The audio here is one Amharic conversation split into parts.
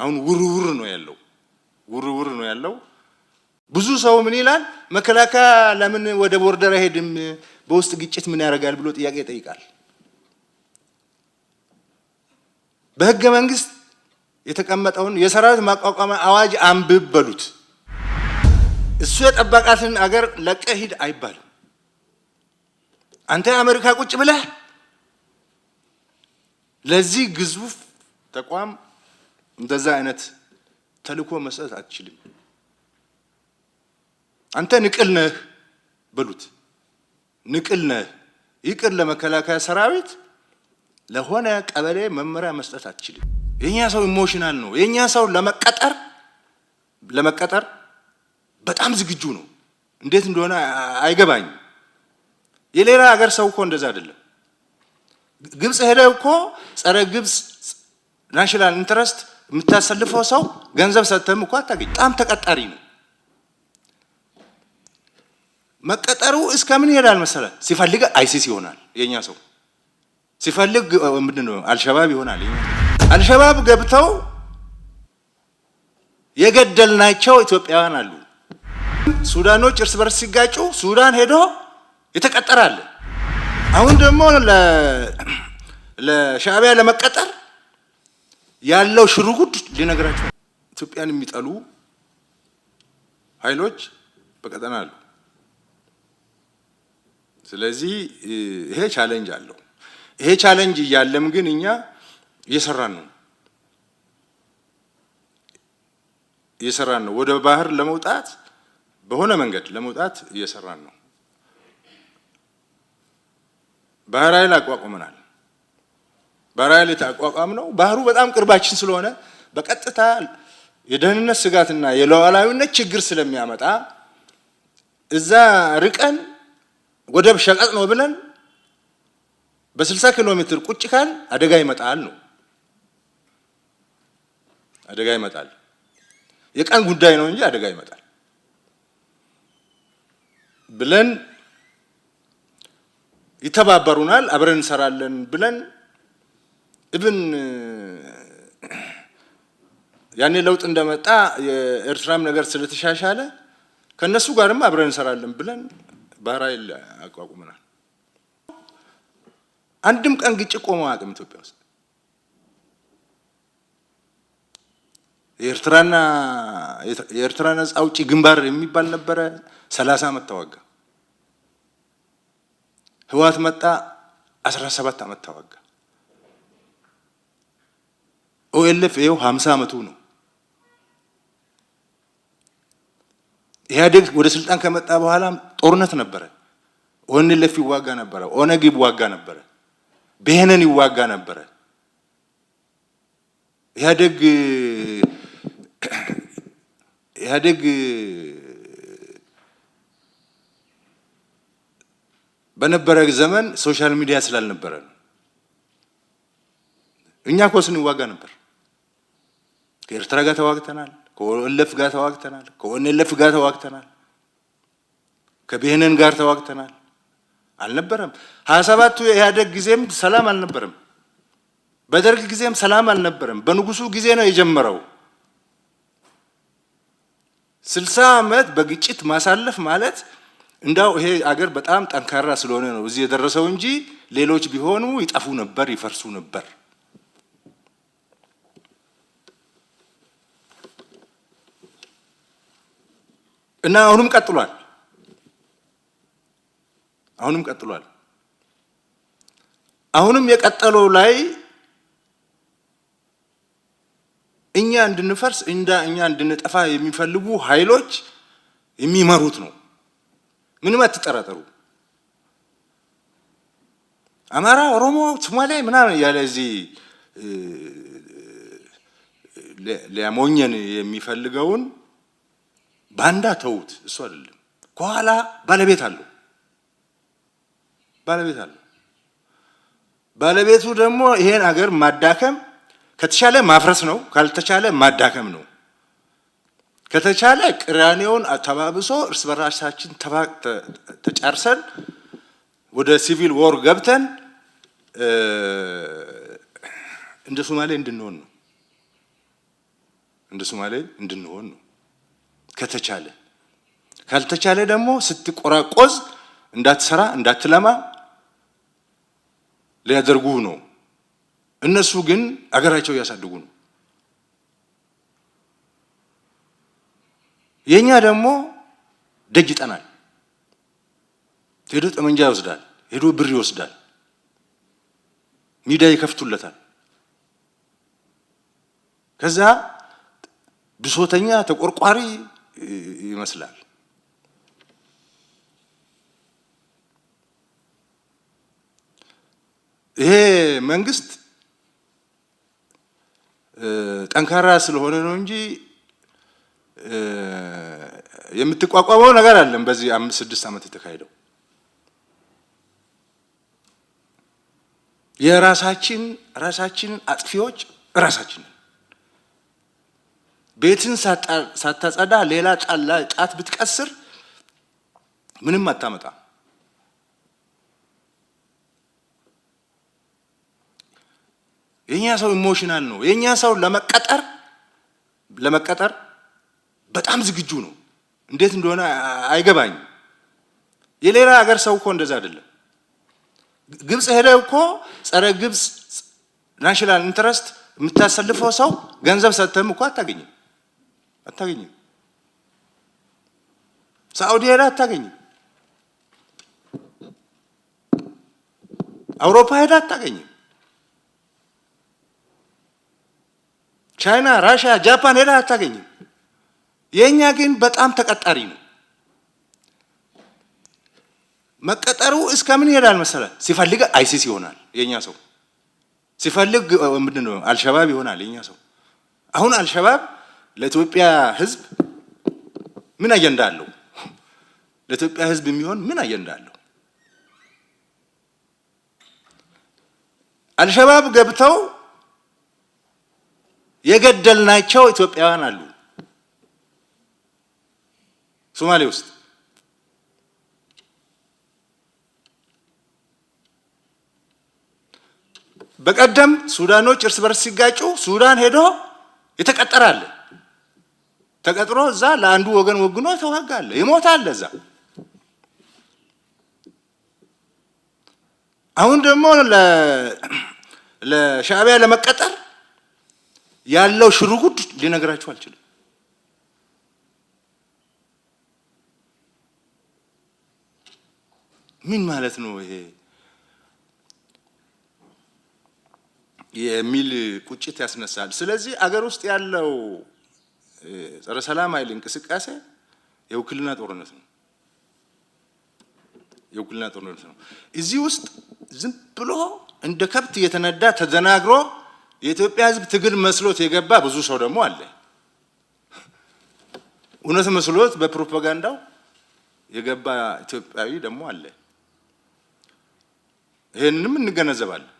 አሁን ውርውር ነው ያለው፣ ውርውር ነው ያለው። ብዙ ሰው ምን ይላል? መከላከያ ለምን ወደ ቦርደር አይሄድም? በውስጥ ግጭት ምን ያደርጋል ብሎ ጥያቄ ይጠይቃል። በህገ መንግስት የተቀመጠውን የሰራዊት ማቋቋሚያ አዋጅ አንብብ በሉት። እሱ የጠበቃትን አገር ለቀሂድ ሂድ አይባልም። አንተ አሜሪካ ቁጭ ብለህ ለዚህ ግዙፍ ተቋም እንደዛ አይነት ተልእኮ መስጠት አትችልም። አንተ ንቅል ነህ በሉት። ንቅል ነህ ይቅር። ለመከላከያ ሰራዊት ለሆነ ቀበሌ መመሪያ መስጠት አትችልም። የእኛ ሰው ኢሞሽናል ነው። የእኛ ሰው ለመቀጠር ለመቀጠር በጣም ዝግጁ ነው። እንዴት እንደሆነ አይገባኝም። የሌላ ሀገር ሰው እኮ እንደዛ አይደለም። ግብፅ ሄደ እኮ ጸረ ግብፅ ናሽናል ኢንትረስት የምታሰልፈው ሰው ገንዘብ ሰጥተህም እኮ አታገኝ። በጣም ተቀጣሪ ነው። መቀጠሩ እስከምን ይሄዳል መሰለ? ሲፈልግ አይሲስ ይሆናል የኛ ሰው፣ ሲፈልግ ምንድን ነው አልሸባብ ይሆናል። አልሸባብ ገብተው የገደልናቸው ኢትዮጵያውያን አሉ። ሱዳኖች እርስ በርስ ሲጋጩ ሱዳን ሄዶ የተቀጠራለ። አሁን ደግሞ ለሻዕቢያ ለመቀጠር ያለው ሽሩጉድ ሊነግራቸው ኢትዮጵያን የሚጠሉ ኃይሎች በቀጠና አሉ። ስለዚህ ይሄ ቻለንጅ አለው። ይሄ ቻለንጅ እያለም ግን እኛ እየሰራን ነው እየሰራን ነው። ወደ ባህር ለመውጣት በሆነ መንገድ ለመውጣት እየሰራን ነው። ባህር ኃይል አቋቁመናል። በራይል አቋቋም ነው። ባህሩ በጣም ቅርባችን ስለሆነ በቀጥታ የደህንነት ስጋትና የሉዓላዊነት ችግር ስለሚያመጣ እዛ ርቀን ወደብ ሸቀጥ ነው ብለን በ60 ኪሎ ሜትር ቁጭ ካል አደጋ ይመጣል ነው አደጋ ይመጣል። የቀን ጉዳይ ነው እንጂ አደጋ ይመጣል ብለን ይተባበሩናል፣ አብረን እንሰራለን ብለን ኢብን ያኔ ለውጥ እንደመጣ የኤርትራም ነገር ስለተሻሻለ ከእነሱ ጋርም አብረን እንሰራለን ብለን ባህር ኃይል አቋቁመናል። አንድም ቀን ግጭት ቆመ አቅም ኢትዮጵያ ውስጥ። የኤርትራና የኤርትራ ነጻ አውጪ ግንባር የሚባል ነበረ። ሰላሳ ዓመት ተዋጋ። ህወሓት መጣ፣ አስራ ሰባት አመት ተዋጋ። ኦኤልኤፍ ይኸው ሀምሳ ዓመቱ ነው። ኢህአዴግ ወደ ስልጣን ከመጣ በኋላም ጦርነት ነበረ። ኦኤንኤልኤፍ ይዋጋ ነበረ፣ ኦነግ ይዋጋ ነበረ፣ ብሄነን ይዋጋ ነበረ። ኢህአዴግ ኢህአዴግ በነበረ ዘመን ሶሻል ሚዲያ ስላልነበረ ነው። እኛ ኮስን ይዋጋ ነበር። ከኤርትራ ጋር ተዋግተናል፣ ከወለፍ ጋር ተዋግተናል፣ ከወነለፍ ጋር ተዋግተናል፣ ከቤህነን ጋር ተዋግተናል። አልነበረም። ሀያ ሰባቱ የኢህአደግ ጊዜም ሰላም አልነበረም። በደርግ ጊዜም ሰላም አልነበረም። በንጉሱ ጊዜ ነው የጀመረው። ስልሳ ዓመት በግጭት ማሳለፍ ማለት እንዳው ይሄ አገር በጣም ጠንካራ ስለሆነ ነው እዚህ የደረሰው እንጂ ሌሎች ቢሆኑ ይጠፉ ነበር፣ ይፈርሱ ነበር። እና አሁንም ቀጥሏል። አሁንም ቀጥሏል። አሁንም የቀጠለው ላይ እኛ እንድንፈርስ እንዳ እኛ እንድንጠፋ የሚፈልጉ ኃይሎች የሚመሩት ነው። ምንም አትጠራጠሩ። አማራ፣ ኦሮሞ፣ ሶማሌ ምናምን እያለ እዚህ ሊያሞኘን የሚፈልገውን ባንዳ ተውት፣ እሱ አይደለም። ከኋላ ባለቤት አለው ባለቤት አለው። ባለቤቱ ደግሞ ይሄን አገር ማዳከም ከተቻለ ማፍረስ ነው፣ ካልተቻለ ማዳከም ነው። ከተቻለ ቅራኔውን ተባብሶ እርስ በራሳችን ተጫርሰን ወደ ሲቪል ዎር ገብተን እንደ ሶማሌ እንድንሆን ነው እንደ ሶማሌ እንድንሆን ነው። ከተቻለ ካልተቻለ ደግሞ ስትቆራቆዝ እንዳትሰራ እንዳትለማ ሊያደርጉ ነው። እነሱ ግን አገራቸው እያሳድጉ ነው። የእኛ ደግሞ ደጅ ይጠናል። ሄዶ ጠመንጃ ይወስዳል፣ ሄዶ ብር ይወስዳል፣ ሚዳ ይከፍቱለታል። ከዛ ብሶተኛ ተቆርቋሪ ይመስላል። ይሄ መንግስት ጠንካራ ስለሆነ ነው እንጂ የምትቋቋመው ነገር አለም። በዚህ አምስት ስድስት ዓመት የተካሄደው የራሳችን ራሳችንን አጥፊዎች ራሳችንን ቤትን ሳታጸዳ ሌላ ጣላ ጣት ብትቀስር ምንም አታመጣ። የኛ ሰው ኢሞሽናል ነው። የኛ ሰው ለመቀጠር ለመቀጠር በጣም ዝግጁ ነው። እንዴት እንደሆነ አይገባኝም። የሌላ ሀገር ሰው እኮ እንደዛ አይደለም። ግብፅ ሄደ እኮ ጸረ ግብፅ ናሽናል ኢንትረስት የምታሰልፈው ሰው ገንዘብ ሰጥተህም እኮ አታገኝም። አታገኝም። ሳዑዲ ሄዳ አታገኝም። አውሮፓ ሄዳ አታገኝም። ቻይና፣ ራሽያ፣ ጃፓን ሄዳ አታገኝም። የእኛ ግን በጣም ተቀጣሪ ነው። መቀጠሩ እስከ ምን ይሄዳል መሰለ? ሲፈልግ አይሲስ ይሆናል የእኛ ሰው፣ ሲፈልግ ምንድን ነው አልሸባብ ይሆናል የእኛ ሰው። አሁን አልሸባብ ለኢትዮጵያ ህዝብ ምን አጀንዳ አለው? ለኢትዮጵያ ሕዝብ የሚሆን ምን አጀንዳ አለው? አልሸባብ ገብተው የገደልናቸው ኢትዮጵያውያን አሉ ሶማሌ ውስጥ በቀደም ሱዳኖች እርስ በርስ ሲጋጩ ሱዳን ሄዶ የተቀጠራለ ተቀጥሮ እዛ ለአንዱ ወገን ወግኖ ተዋጋለ፣ ይሞታል እዛ። አሁን ደግሞ ለሻዕቢያ ለመቀጠር ያለው ሽርጉድ ሊነግራችሁ አልችልም። ምን ማለት ነው ይሄ የሚል ቁጭት ያስነሳል። ስለዚህ አገር ውስጥ ያለው ጸረ ሰላም ኃይል እንቅስቃሴ የውክልና ጦርነት ነው። የውክልና ጦርነት ነው። እዚህ ውስጥ ዝም ብሎ እንደ ከብት እየተነዳ ተደናግሮ የኢትዮጵያ ሕዝብ ትግል መስሎት የገባ ብዙ ሰው ደግሞ አለ። እውነት መስሎት በፕሮፓጋንዳው የገባ ኢትዮጵያዊ ደግሞ አለ። ይህንንም እንገነዘባለን።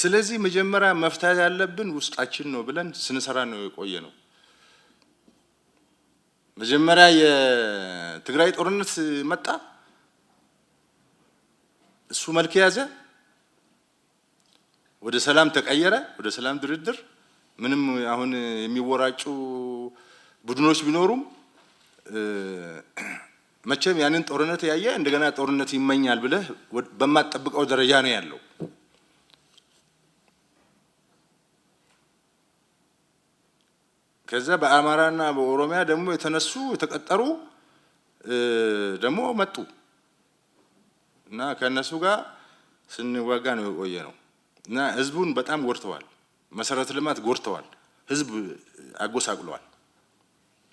ስለዚህ መጀመሪያ መፍታት ያለብን ውስጣችን ነው ብለን ስንሰራ ነው የቆየ ነው። መጀመሪያ የትግራይ ጦርነት መጣ፣ እሱ መልክ የያዘ ወደ ሰላም ተቀየረ፣ ወደ ሰላም ድርድር። ምንም አሁን የሚወራጩ ቡድኖች ቢኖሩም መቼም ያንን ጦርነት ያየ እንደገና ጦርነት ይመኛል ብለህ በማጠብቀው ደረጃ ነው ያለው። ከዛ በአማራና በኦሮሚያ ደግሞ የተነሱ የተቀጠሩ ደግሞ መጡ እና ከእነሱ ጋር ስንዋጋ ነው የቆየ ነው እና ህዝቡን በጣም ጎድተዋል። መሰረተ ልማት ጎድተዋል። ህዝብ አጎሳቅለዋል።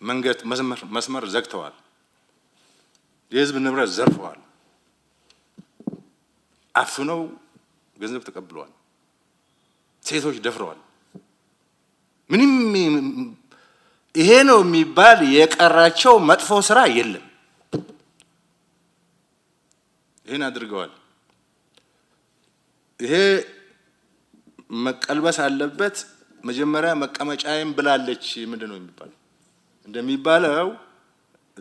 መንገድ መስመር ዘግተዋል። የህዝብ ንብረት ዘርፈዋል። አፍነው ገንዘብ ተቀብለዋል። ሴቶች ደፍረዋል። ምንም ይሄ ነው የሚባል የቀራቸው መጥፎ ስራ የለም። ይህን አድርገዋል። ይሄ መቀልበስ አለበት። መጀመሪያ መቀመጫዬም ብላለች። ምንድን ነው የሚባለው? እንደሚባለው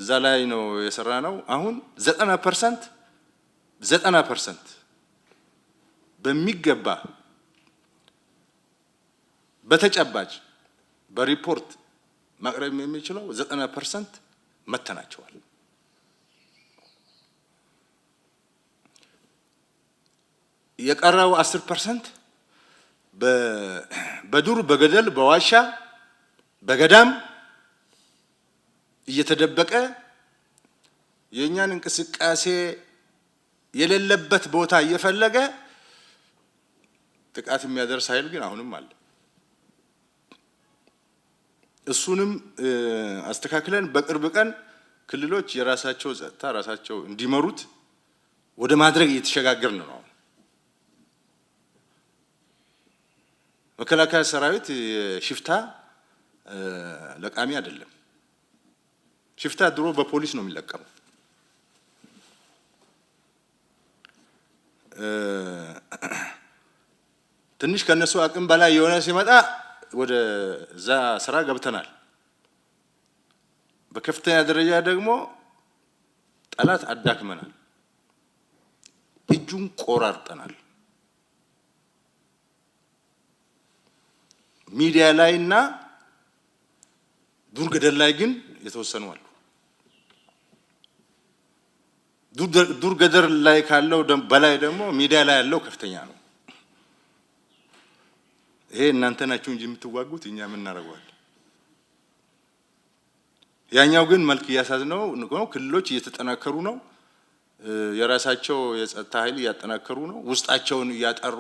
እዛ ላይ ነው የሰራ ነው። አሁን ዘጠና ፐርሰንት ዘጠና ፐርሰንት በሚገባ በተጨባጭ በሪፖርት ማቅረብ የሚችለው ዘጠና ፐርሰንት መተናቸዋል። የቀረው አስር ፐርሰንት በዱር በገደል በዋሻ በገዳም እየተደበቀ የእኛን እንቅስቃሴ የሌለበት ቦታ እየፈለገ ጥቃት የሚያደርስ ኃይል ግን አሁንም አለ። እሱንም አስተካክለን በቅርብ ቀን ክልሎች የራሳቸው ጸጥታ ራሳቸው እንዲመሩት ወደ ማድረግ እየተሸጋገርን ነው። መከላከያ ሰራዊት ሽፍታ ለቃሚ አይደለም። ሽፍታ ድሮ በፖሊስ ነው የሚለቀመው። ትንሽ ከነሱ አቅም በላይ የሆነ ሲመጣ ወደዛ ስራ ገብተናል። በከፍተኛ ደረጃ ደግሞ ጠላት አዳክመናል፣ እጁን ቆራርጠናል። ሚዲያ ላይ እና ዱር ገደል ላይ ግን የተወሰኑ አሉ። ዱር ገደል ላይ ካለው በላይ ደግሞ ሚዲያ ላይ ያለው ከፍተኛ ነው። ይሄ እናንተ ናችሁ እንጂ የምትዋጉት እኛ ምን የምናደርገዋል። ያኛው ግን መልክ እያሳዝነው ነው። ክልሎች እየተጠናከሩ ነው። የራሳቸው የጸጥታ ኃይል እያጠናከሩ ነው። ውስጣቸውን እያጠሩ